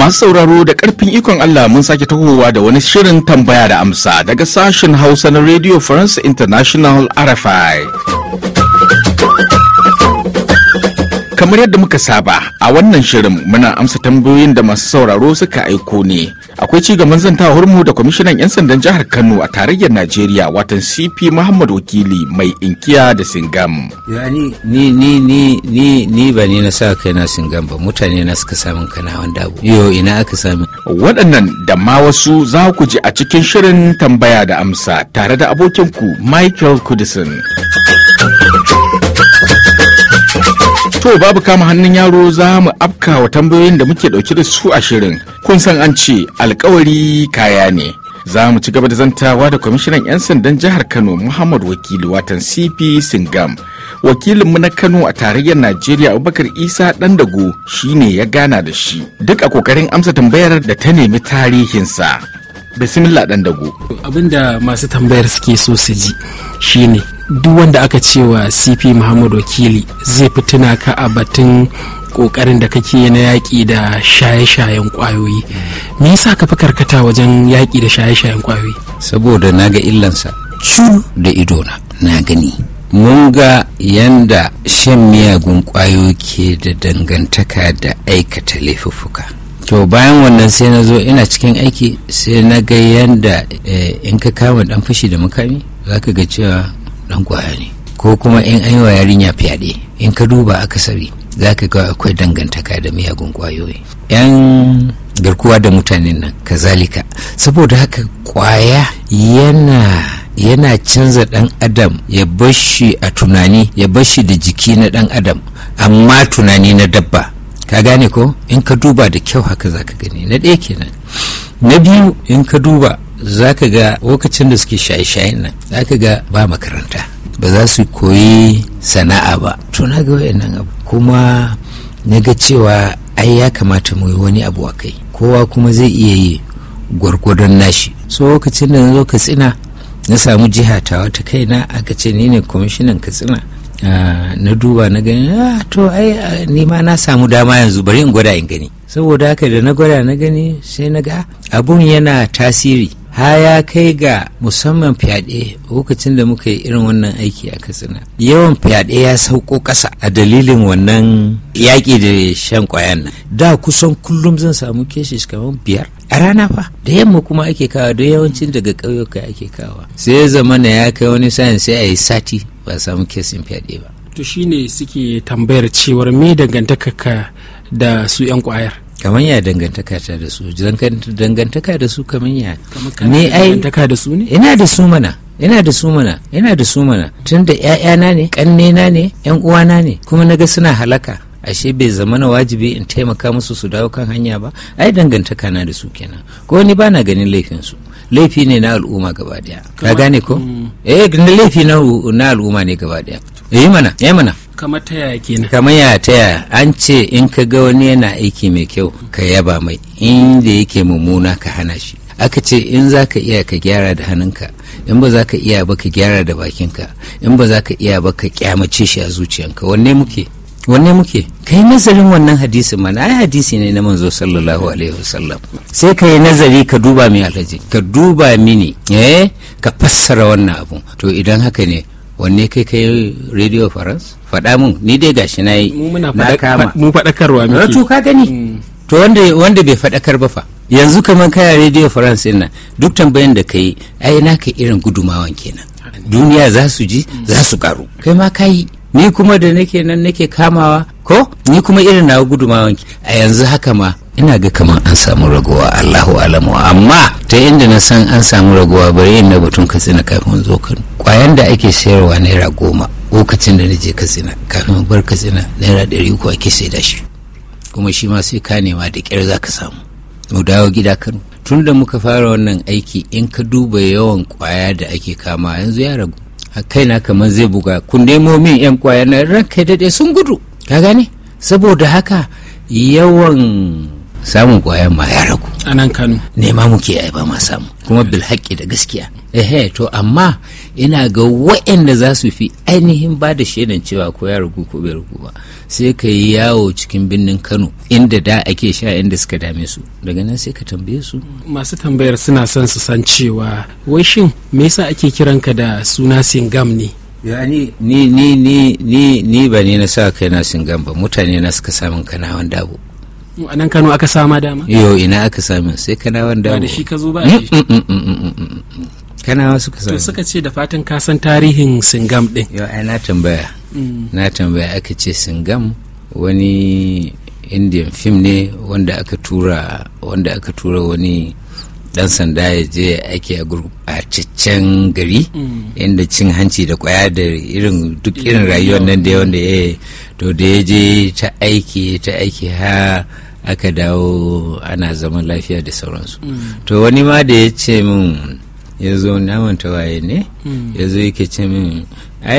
masu sauraro da karfin ikon Allah mun sake tahowa da wani shirin tambaya da amsa daga sashen Hausa na Radio France International RFI. Kamar yadda muka saba a wannan shirin muna amsa tambayoyin da masu sauraro suka aiko ne akwai ci gaban zanta hurmu da kwamishinan 'yan sandan jihar kano a tarayyar najeriya watan cp muhammad wakili mai inkiya da singam yani ni ni ni ni ni ba ni na sa kai na singam ba mutane na suka samun kana wanda abu yo ina aka sami waɗannan da ma wasu za ku ji a cikin shirin tambaya da amsa tare da abokin ku michael kudison To babu kama hannun yaro za mu afka wa tambayoyin da muke dauke da su a shirin. Kun san an ce alkawari kaya ne. Za mu ci gaba da zantawa da kwamishinan 'yan sandan jihar Kano Muhammad Wakili watan CP Singam. Wakilinmu na Kano a tarayyar Najeriya Abubakar Isa Dandago shine ya gana da shi. Duk a kokarin amsa tambayar da ta nemi tarihinsa. Bismillah Dandago. Abin da masu tambayar suke so su ji shine duk wanda aka cewa cp muhammad wakili zai fi ka a batun kokarin da kake na yaƙi da shaye-shayen kwayoyi, me yasa ka fi karkata wajen yaƙi da shaye-shayen kwayoyi? saboda na ga illansa cur da idona na gani mun ga yanda shan miyagun ƙwayo ke da dangantaka da aikata laifuffuka to bayan wannan sai na zo ina cikin aiki sai na ga yanda eh, in ka kama dan fashi da mukami, za ka ga cewa dan kwaya ne ko kuma in an yi wa yarinya fyaɗe in ka duba akasari za ka ga akwai dangantaka da miyagun kwayoyi yan garkuwa da mutanen nan kazalika saboda haka kwaya yana yana canza dan adam ya bashi a tunani ya bashi da jiki na dan adam amma tunani na dabba ka gane ko in ka duba da kyau haka za ka gani na ɗaya kenan na biyu in ka duba za ka ga lokacin da suke shaye-shayen nan za ka ga ba makaranta ba za su koyi sana'a ba to na ga wayannan abu kuma na ga cewa ai ya kamata mu yi wani abu a kai kowa kuma zai iya yi gwargwadon nashi so lokacin da na zo katsina na samu jiha ta wata kaina aka ce ni ne kwamishinan katsina ah, na duba na gani ah to ai ni ma na samu dama yanzu bari in gwada in gani saboda haka da na gwada na gani sai na ga abun yana tasiri ha ya kai ga musamman fyaɗe lokacin da muka yi irin wannan aiki a katsina yawan fyaɗe ya sauko ƙasa a dalilin wannan yaƙi da shan ƙwayan nan da kusan kullum zan samu keshi kamar biyar a rana fa da yamma kuma ake kawa don yawancin daga ƙauyuka ake kawa sai ya zama na ya kai wani sa'in sai a yi sati ba a samu kesin fyaɗe ba to shine suke tambayar cewar me dangantaka da su 'yan ƙwayar kamar ya dangantaka ta da su dangantaka da su kamar ya ne ai dangantaka da su ne ina da su mana ina da su mana ina da su mana tun da ƴaƴana ne na ne ƴan uwana ne kuma naga suna halaka ashe bai zama na wajibi in taimaka musu su dawo kan hanya ba ai dangantaka na da su kenan ko ni ba na ganin laifin su laifi ne na al'umma gaba daya ka gane ko mm. eh laifi na al'umma ne gaba daya eh mana eh mana kamar ta yaya kenan kamar ya ta yaya an ce in ka ga wani yana aiki mai kyau ka yaba mai inda yake mummuna ka hana shi aka ce in za ka iya ka gyara da hannunka in ba za ka iya ba ka gyara da bakinka in ba za ka iya ba ka kyamace shi a zuciyanka wanne muke wanne muke kai nazarin wannan hadisi mana ai hadisi ne na manzo sallallahu alaihi wasallam sai ka nazari ka duba mai alhaji ka duba mini eh ka fassara wannan abu to idan haka ne wanne kai kai radio france faɗa mun ni dai gashi na yi na kama mu faɗakarwa miki to ka gani mm. to wanda wanda bai faɗakar ba fa yanzu kamar kaya radio france din nan duk tambayan da kai ai naka irin gudumawan kenan duniya za su ji za su karu kai ma kai ni kuma da nake nan nake kamawa ko ni kuma irin na gudumawan a yanzu haka ma ina ga kamar an samu raguwa allahu alamu amma ta inda na san an samu raguwa bari yin na batun katsina kafin zo kano kwayan da ake sayarwa naira goma lokacin da na je katsina kafin bar katsina naira ɗari uku ake sai da shi kuma shi ma sai ka nema da ƙyar za ka samu mu dawo gida kano tun da muka fara wannan aiki in ka duba yawan kwaya da ake kama yanzu ya ragu kaina kamar zai buga kun nemo min yan kwaya na ran kai daɗe sun gudu ka gane saboda haka yawan samun kwayan ma ya ragu a nan kano nema muke ai ba ma samu kuma haƙƙi da gaskiya ehe to amma ina ga waɗanda za su fi ainihin ba da shaidan cewa ko ya ragu ko bai ragu ba sai ka yi yawo cikin birnin kano inda da ake sha inda suka dame su daga nan sai ka tambaye su masu tambayar suna son su san cewa wai shin me yasa ake kiranka da suna singam ne yani ni ni ni ni ni ba ne na sa na singam ba mutane na suka samun kana wanda abu a nan kano aka sama dama yo ina aka sami sai kanawan dawo ba da shi ka zo ba wasu ka sami to suka ce da fatan ka san tarihin singam din yo ai na tambaya mm. na tambaya aka ce singam wani indian film ne wanda aka tura wanda aka tura wani dan sanda ya je ake a ciccen gari mm. inda cin hanci da kwaya da irin duk irin rayuwar nan da wanda ya to da ya je ta aiki ta aiki ha aka dawo ana zaman lafiya da sauransu mm. to wani ma da ya ce min ya zo naman tawaye ne mm. ya zo yake ce min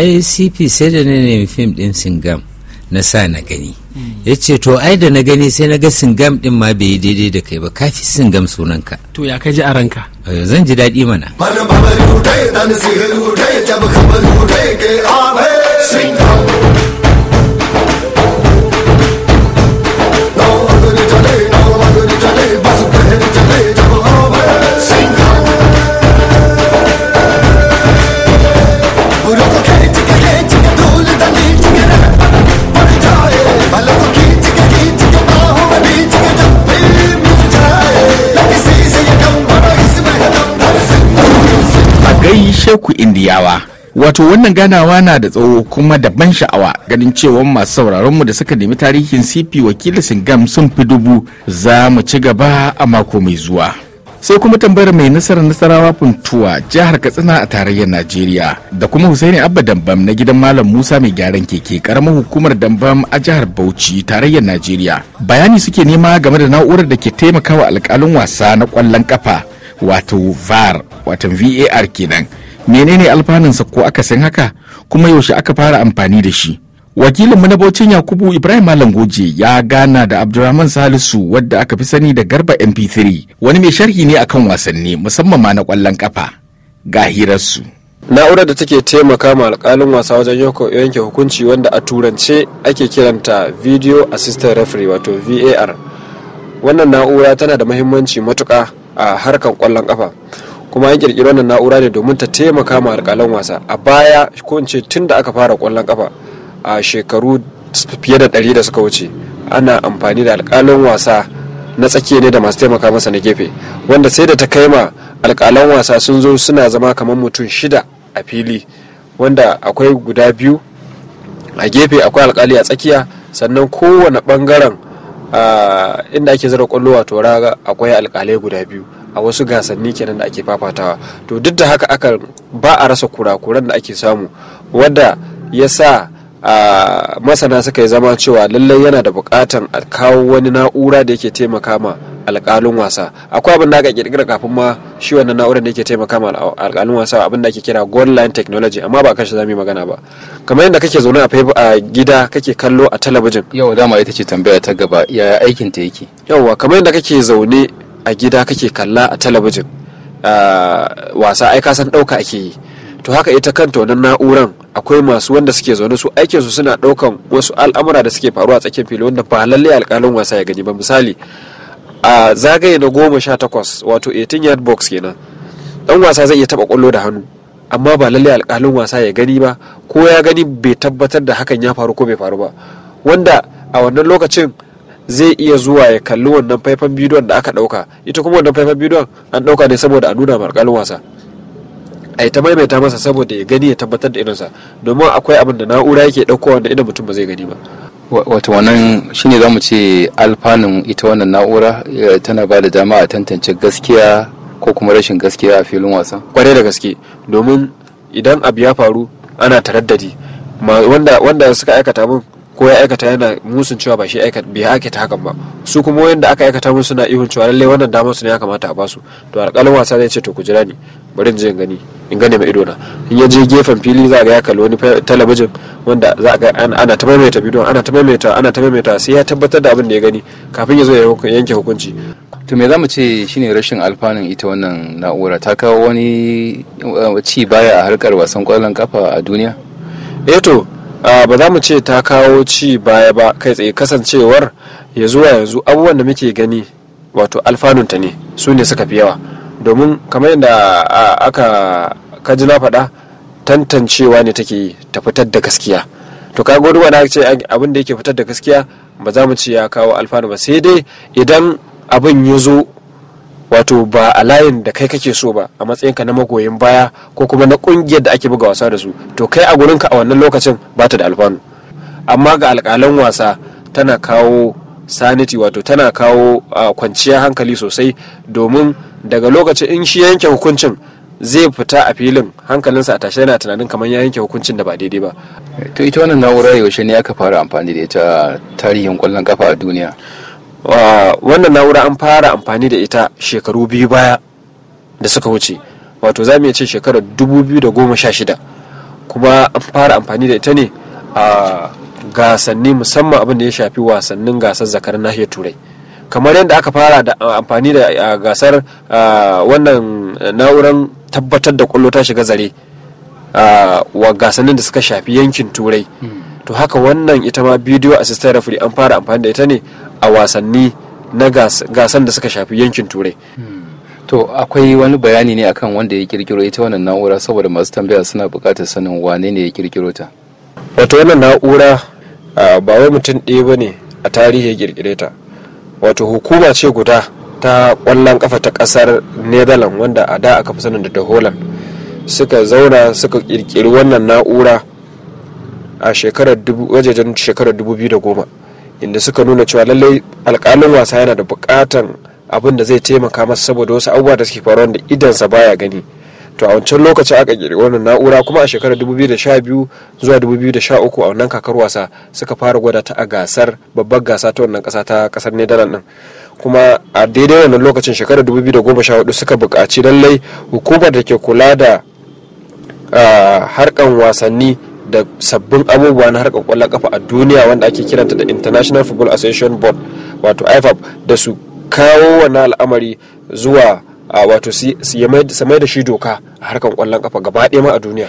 icp sai da na nemi fim din singam na sa na gani mm. ya ce to ai da na gani sai na ga singam din ma bai yi daidai da kai ba kafi singam sunanka to ya kaji a ranka eh, zan ji daɗi mana singam indiyawa wato wannan ganawa na da tsawo kuma da ban sha'awa ganin cewa masu sauraron mu da suka nemi tarihin cp wakilin singam sun fi dubu za mu ci gaba a mako mai zuwa sai kuma tambayar mai nasarar nasarawa puntuwa jihar katsina a tarayyar najeriya da kuma husaini abba dambam na gidan malam musa mai gyaran keke karamar hukumar dambam a jihar bauchi tarayyar najeriya bayani suke nema game da na'urar da ke taimakawa alkalin wasa na kwallon kafa wato var wato var kenan menene alfanunsa ko aka san haka kuma yaushe aka fara amfani da shi wakilinmu na yakubu ibrahim malam goje ya gana da abdulrahman salisu wadda aka fi sani da garba mp3 wani mai sharhi ne akan wasanni musamman ma na kwallon kafa ga hirarsu na'urar da take taimaka ma alkalin wasa wajen yanke hukunci wanda a turance ake kiranta video assistant referee wato var wannan na'ura tana da mahimmanci matuka a harkar kwallon kafa kuma an kirkiri wannan na'ura ne domin ta taimaka ma alƙalan wasa a baya ko in ce tun da aka fara ƙwallon kafa a shekaru fiye da ɗari da suka wuce ana amfani da alƙalan wasa na tsakiya ne da masu taimaka masa na gefe wanda sai da ta kai ma alƙalan wasa sun zo suna zama kamar mutum shida a fili wanda akwai guda biyu a gefe akwai alƙali a tsakiya sannan kowane ɓangaren inda ake zara ƙwallo wato raga akwai alƙalai guda biyu a wasu gasanni kenan da ake fafatawa to duk da haka aka ba a rasa kurakuran da ake samu wadda ya sa a masana suka yi zama cewa lallai yana da bukatan a kawo wani na'ura da yake taimaka ma alƙalin wasa akwai abin da aka kirkira kafin ma shi wannan na'urar da yake taimaka ma alƙalin wasa abin da ake kira goal line technology amma ba kashi zamu magana ba kamar yadda kake zaune a gida kake kallo a talabijin yau dama ita ce tambaya ta gaba yaya aikin ta yake yauwa kamar yadda kake zaune a gida kake kalla a talabijin ah, wasa ai kasan san ɗauka ake yi to haka ita kanta wannan na'uran akwai masu wanda suke zaune su aikinsu suna ɗaukan wasu al'amura da suke faruwa a tsakiyar fili wanda ba lallai alƙalin wasa ya gani ba misali a zagaye na goma sha takwas wato 18 yard box kenan dan wasa zai iya taba kwallo da hannu amma ba lallai alƙalin wasa ya gani ba ko ya gani bai tabbatar da hakan ya faru ko bai faru ba wanda a wannan lokacin zai iya zuwa ya kalli wannan faifan bidiyon da aka dauka ita kuma wannan faifan bidiyon an dauka ne saboda a nuna markal wasa a ta maimaita masa saboda ya gani ya tabbatar da irinsa domin akwai abin da na'ura yake dauko wanda idan mutum ba zai gani ba wato wannan shine mu ce alfanun ita wannan na'ura eh, tana ba da dama a tantance gaskiya ko kuma rashin gaskiya a filin wasa kwarai da gaske domin idan abu ya faru ana taraddadi wanda wanda suka aikata min ko ya aikata yana musun cewa ba shi aikata bai aikata hakan ba su kuma wayanda aka aikata musu suna ihun cewa lalle wannan damar su ne ya kamata a basu to alƙalin wasa zai ce to ku jira ni bari in je in gani in gane mai idona in ya je gefen fili za ga ya kalli wani talabijin wanda za ga ana ta maimaita bidiyon ana ta maimaita ana ta maimaita sai ya tabbatar da abin da ya gani kafin ya zo ya yanke hukunci to me zamu ce shine rashin alfanun ita wannan na'ura ta kawo wani eh, ci baya a harkar wasan kwallon kafa a duniya eh to Ah, ba za mu ce ta kawo ci baya ba kai tsaye kasancewar ya zuwa yanzu abubuwan da muke gani wato alfanunta ne su ne suka fi yawa domin kamar yadda ah, aka kaji na faɗa tantancewa ne take ta fitar da gaskiya to ka gudu wani ce abin da yake fitar da gaskiya ba za mu ce ya kawo alfanu ba sai dai idan abin ya zo wato ba a layin da kai kake so ba a matsayinka na magoyin baya ko kuma na kungiyar da ake buga wasa da su to kai a gurinka a wannan lokacin ba ta da alfanu amma ga alkalan wasa tana kawo sanity wato tana kawo ah, kwanciyar hankali sosai domin daga lokacin in shi yanke hukuncin zai fita a filin hankalinsa a tashe yana tunanin kamar ya yanke hukuncin da ba daidai ba to ita wannan na'urar yaushe ne aka fara amfani da ita tarihin kwallon kafa a duniya wannan na'ura an fara amfani da ita shekaru biyu baya da suka wuce wato za mu iya ce shekarar shida kuma an fara amfani da ita ne a gasanni musamman abin da ya shafi wasannin gasar zakar nahiyar turai kamar yadda aka fara da amfani da gasar wannan na'urar tabbatar da kwallo ta shiga zare wa gasannin da suka shafi yankin turai hmm. to haka wannan ita ma bidiyo assistant referee an fara amfani da ita ne a wasanni na gasan da suka shafi yankin turai hmm. to akwai wani bayani ne akan wanda ya kirkiro ita wannan na'ura saboda masu tambaya suna buƙatar sanin wane ne ya kirkiro ta wato wannan na'ura ba wai mutum ɗaya ba ne a tarihi ya kirkire ta wato hukuma ce guda ta ƙwallon kafa ta ƙasar netherlands wanda a da aka fi sanin da ta holland suka zauna suka kirkiri wannan na'ura a shekarar wajejen shekarar 2010 inda suka nuna cewa lallai alkalin wasa yana da bukatan abin da zai taimaka masa saboda wasu abubuwa da suke faruwa da idansa baya gani to a wancan lokacin aka kirkiri wannan na'ura kuma a shekarar 2012 zuwa 2013 a wannan kakar wasa suka fara gwada ta a gasar babbar gasa ta wannan kasa ta kasar nedalan din kuma a daidai wannan lokacin shekarar 2014 suka buƙaci lallai hukumar da ke kula da ah, harkan wasanni da sabbin abubuwa na harkar kwallon kafa a duniya wanda ake kiranta da international football association board wato ifab da su kawo wannan al'amari zuwa wato su mai da shi doka a harkar kwallon kafa gaba ɗaya ma a duniya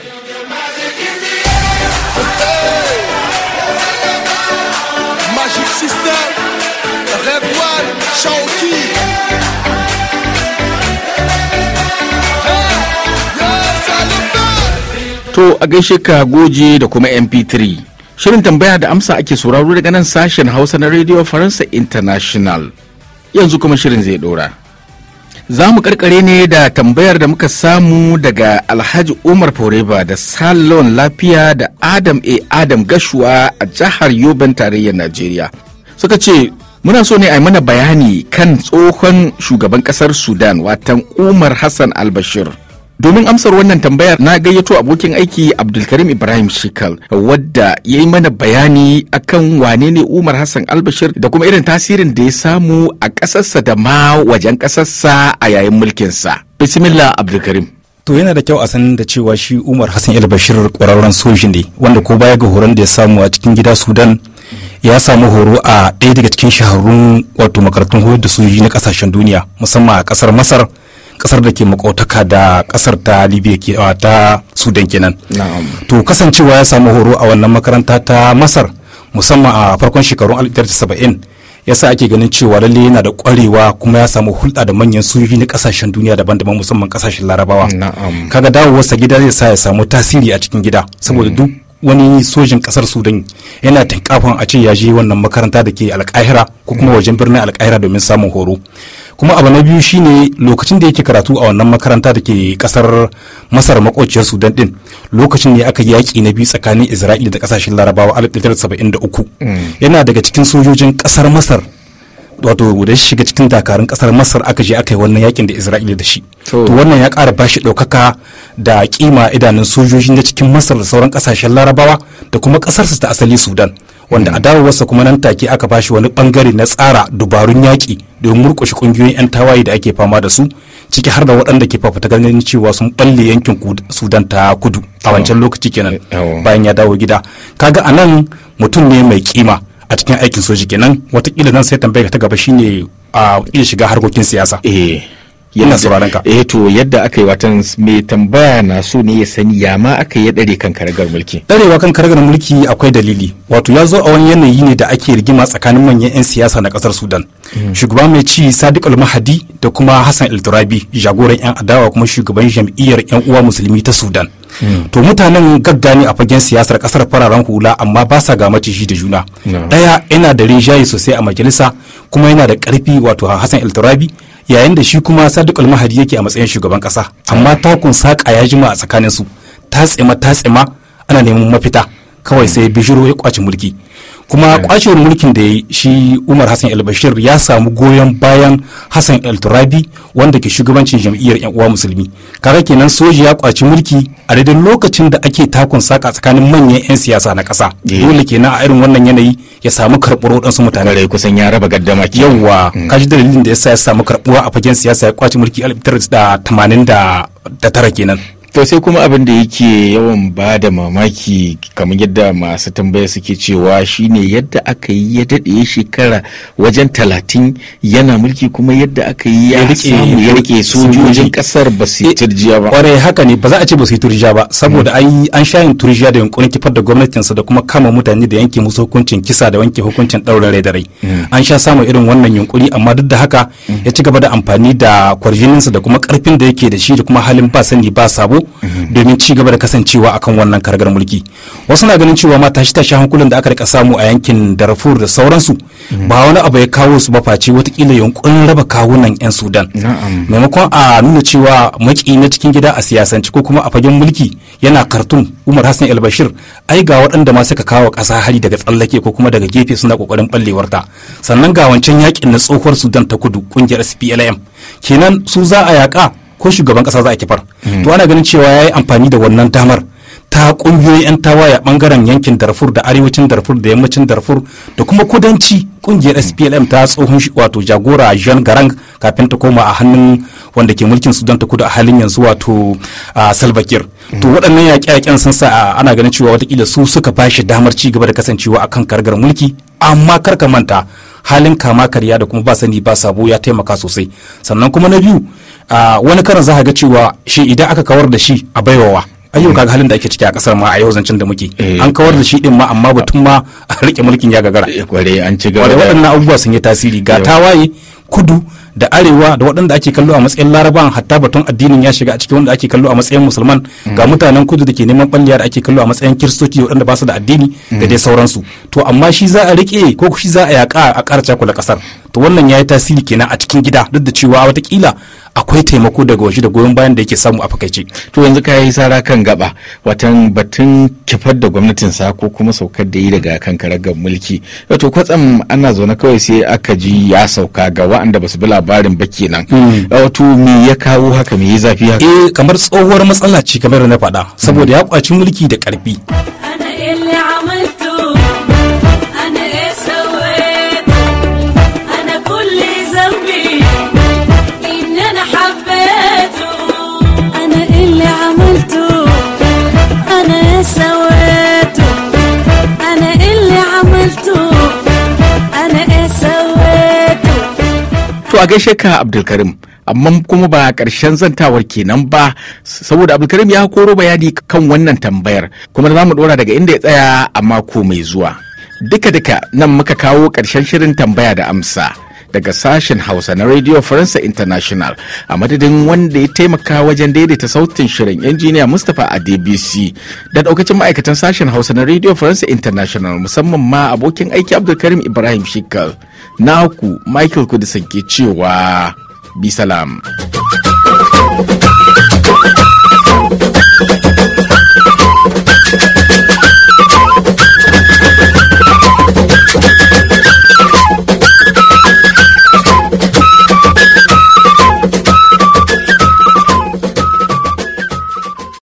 To a gaishe ka goje da kuma MP3. Shirin tambaya da amsa ake sauraro daga nan sashen Hausa na Radio Faransa International. Yanzu kuma shirin zai dora. Za mu karkare ne da tambayar da muka samu daga Alhaji Umar Foreba da Salon Lafiya da Adam A. Adam Gashuwa a jihar Yoben tarayyar Najeriya. Suka ce muna so ne a mana bayani kan tsohon shugaban kasar Sudan watan Umar Hassan Albashir. domin amsar wannan tambayar na gayyato abokin aiki abdulkarim ibrahim shikal wadda ya yi mana bayani akan wane ne umar hassan albashir da kuma irin tasirin da ya samu a kasarsa da ma wajen ƙasarsa a yayin mulkinsa bismillah abdulkarim to yana da kyau a sanin da cewa shi umar hassan albashir ƙwararren soji ne wanda ko baya ga horon da ya samu a cikin gida sudan ya samu horo a ɗaya daga cikin shahararrun wato makarantun horar da soji na ƙasashen duniya musamman a ƙasar masar kasar da ke makautaka da kasar ta libya ke ta sudan kenan to kasancewa ya samu horo a wannan makaranta ta masar musamman a farkon shekarun 1970 ya sa ake ganin cewa lalle yana da kwarewa kuma ya samu hulɗa da manyan sojoji na kasashen duniya daban-daban musamman kasashen larabawa kaga dawowarsa gida zai sa ya samu tasiri a cikin gida saboda mm. duk wani sojin kasar sudan yana tankafin a ce ya je wannan makaranta da ke alkahira ko kuma mm. wajen birnin alkahira domin samun horo kuma abu na biyu shine lokacin da yake karatu a wannan makaranta da ke kasar masar makociyar sudan din lokacin ne aka yi yaƙi na biyu tsakanin isra'ila da kasashen larabawa 1973 yana daga cikin sojojin kasar masar wato da shi shiga cikin dakarun kasar masar aka je aka yi wannan yakin da isra'ila da shi to wannan ya ƙara bashi ɗaukaka da kima idanun sojojin da cikin masar da sauran kasashen larabawa da kuma kasarsa ta asali sudan wanda hmm. a dawowarsa kuma nan take aka bashi wani bangare na tsara dubarun yaƙi domin murƙushe ƙungiyoyin 'yan tawaye da ake fama da su ciki har da waɗanda ke fafata ganin cewa sun balle yankin sudan ta kudu a wancan lokaci kenan bayan ya dawo gida kaga a nan mutum ne mai kima a cikin aikin soji kenan watakila nan sai tambaya ta gaba shine ah, a iya shiga harkokin siyasa. Eh. yana sauraron ka eh to yadda aka yi watan mai tambaya na so ne ya sani ya ma aka yi dare kan karagar mulki darewa kan karagar mulki akwai dalili wato ya zo a wani yanayi ne da ake rigima tsakanin manyan 'yan siyasa na kasar sudan hmm. shugaban mai ci sadiq al-mahadi da kuma hassan el-turabi jagoran 'yan adawa kuma shugaban jam'iyyar 'yan uwa musulmi ta sudan hmm. to mutanen gadda ne a fagen siyasar kasar fararen hula amma ba sa ga maciji da juna daya yana da rinjaye sosai a majalisa kuma yana da karfi wato hassan el-turabi yayin da shi kuma sadiq almahadi yake a matsayin shugaban kasa amma takun saƙa ya jima a tsakanin su tatsima tatsima ana neman mafita kawai sai bishiro ya kwace mulki kuma kwacewar mulkin da ya shi umar hassan el bashir ya samu goyon bayan hassan elTurabi turabi wanda ke shugabancin jam'iyyar yan uwa musulmi kaga kenan soji ya kwaci mulki a daidai lokacin da ake takun saka tsakanin manyan yan siyasa na kasa eh. dole kenan a irin wannan yanayi ya samu karɓar waɗansu mutane rai kusan ya raba gaddama ke yawa mm. kaji dalilin da ya sa ya samu karɓuwa a fagen siyasa ya kwaci mulki a da tamanin da tara kenan to sai kuma abin da yake yawan ba da mamaki kamar yadda masu tambaya suke cewa shine yadda aka yi ya daɗe shekara wajen talatin yana mulki kuma yadda aka yi ya samu ya rike sojojin kasar ba su eh, turjiya ba kwarai haka ne ba za a ce ba su turjiya ba saboda hmm. an yi an turjiya da yunkurin kifar da gwamnatinsa da kuma kama mutane da yanke musu hukuncin kisa da wanke hukuncin ɗaurin rai da rai hmm. an sha samun irin wannan yunkuri amma duk da haka hmm. ya ci gaba da amfani da kwarjininsa da kuma karfin da yake da shi da kuma halin ba sani ba sabo domin ci gaba da kasancewa akan wannan kargar mulki wasu na ganin cewa ma tashi tashi hankulan da aka rika samu a yankin darfur da sauransu ba wani abu ya kawo su ba face watakila yankun raba kawunan yan sudan maimakon a nuna cewa maki na cikin gida a siyasance ko kuma a fagen mulki yana kartun umar hassan el bashir ai ga waɗanda ma suka kawo ƙasa hari daga tsallake ko kuma daga gefe suna ƙoƙarin ɓallewarta sannan ga wancan yakin na tsohuwar sudan ta kudu ƙungiyar splm kenan su za a yaƙa ko shugaban kasa za a kifar to ana ganin cewa ya yi amfani da wannan damar ta kungiyoyin 'yan tawaye bangaren yankin darfur da arewacin darfur da yammacin darfur da kuma kudanci kungiyar splm ta tsohon wato jagora jean garang kafin ta koma a hannun wanda ke mulkin sudan ta kudu a halin yanzu wato salva kiir to waɗannan yaƙe-yaƙen sun sa ana ganin cewa watakila su suka bashi damar ci gaba da kasancewa akan kargar mulki amma kar manta halin kama karya da kuma ba sani ba sabo ya taimaka sosai sannan kuma na biyu Ah, wani karin za ga cewa shi idan aka kawar da shi a baiwawa ayyuka ga halin da ake ciki a kasar ma a yau zancen da muke eh. an kawar da shi din ma amma batun ma a rike mulkin ya gagara kware eh, an ci gaba waɗannan abubuwa sun yi tasiri ga tawaye kudu da arewa da waɗanda ake kallo a matsayin larabawan hatta batun addinin ya shiga a cikin wanda ake kallo a matsayin musulman mm. ga mutanen kudu da ke neman ɓalliya da ake kallo a matsayin kiristoci waɗanda ba su da addini da mm. dai sauransu to amma shi za a riƙe ko shi za a yaƙa a ƙara cakula ƙasar to wannan ya yi tasiri kenan a cikin gida duk da cewa watakila akwai taimako daga waje da goyon bayan da yake samu a fakaice. to yanzu ka yi sara kan gaba watan batun kifar da gwamnatin sa ko kuma saukar da yi daga kankarar ga mulki to kwatsam ana zaune kawai sai aka ji ya sauka ga wa'anda ba su bi labarin ba kenan hmm. wato me ya kawo haka me ya zafi haka eh kamar tsohuwar matsala ce kamar na faɗa saboda ya kwaci mulki da ƙarfi. So a gaishe ka Abdulkarim. Amma kuma ba karshen zantawar kenan ba saboda Abdulkarim ya koro bayani kan wannan tambayar kuma za mu ɗora daga inda ya tsaya a mako mai zuwa. Duka-duka nan muka kawo karshen shirin tambaya da amsa. daga sashen Hausa na Radio Faransa International a madadin wanda ya taimaka wajen daidaita sautin shirin injiniya Mustapha a DBC da daukacin ma'aikatan sashen Hausa na Radio Faransa International musamman ma abokin aiki Abdulkarim Ibrahim Shikal. Naku Michael Kudisan ke cewa bi salam.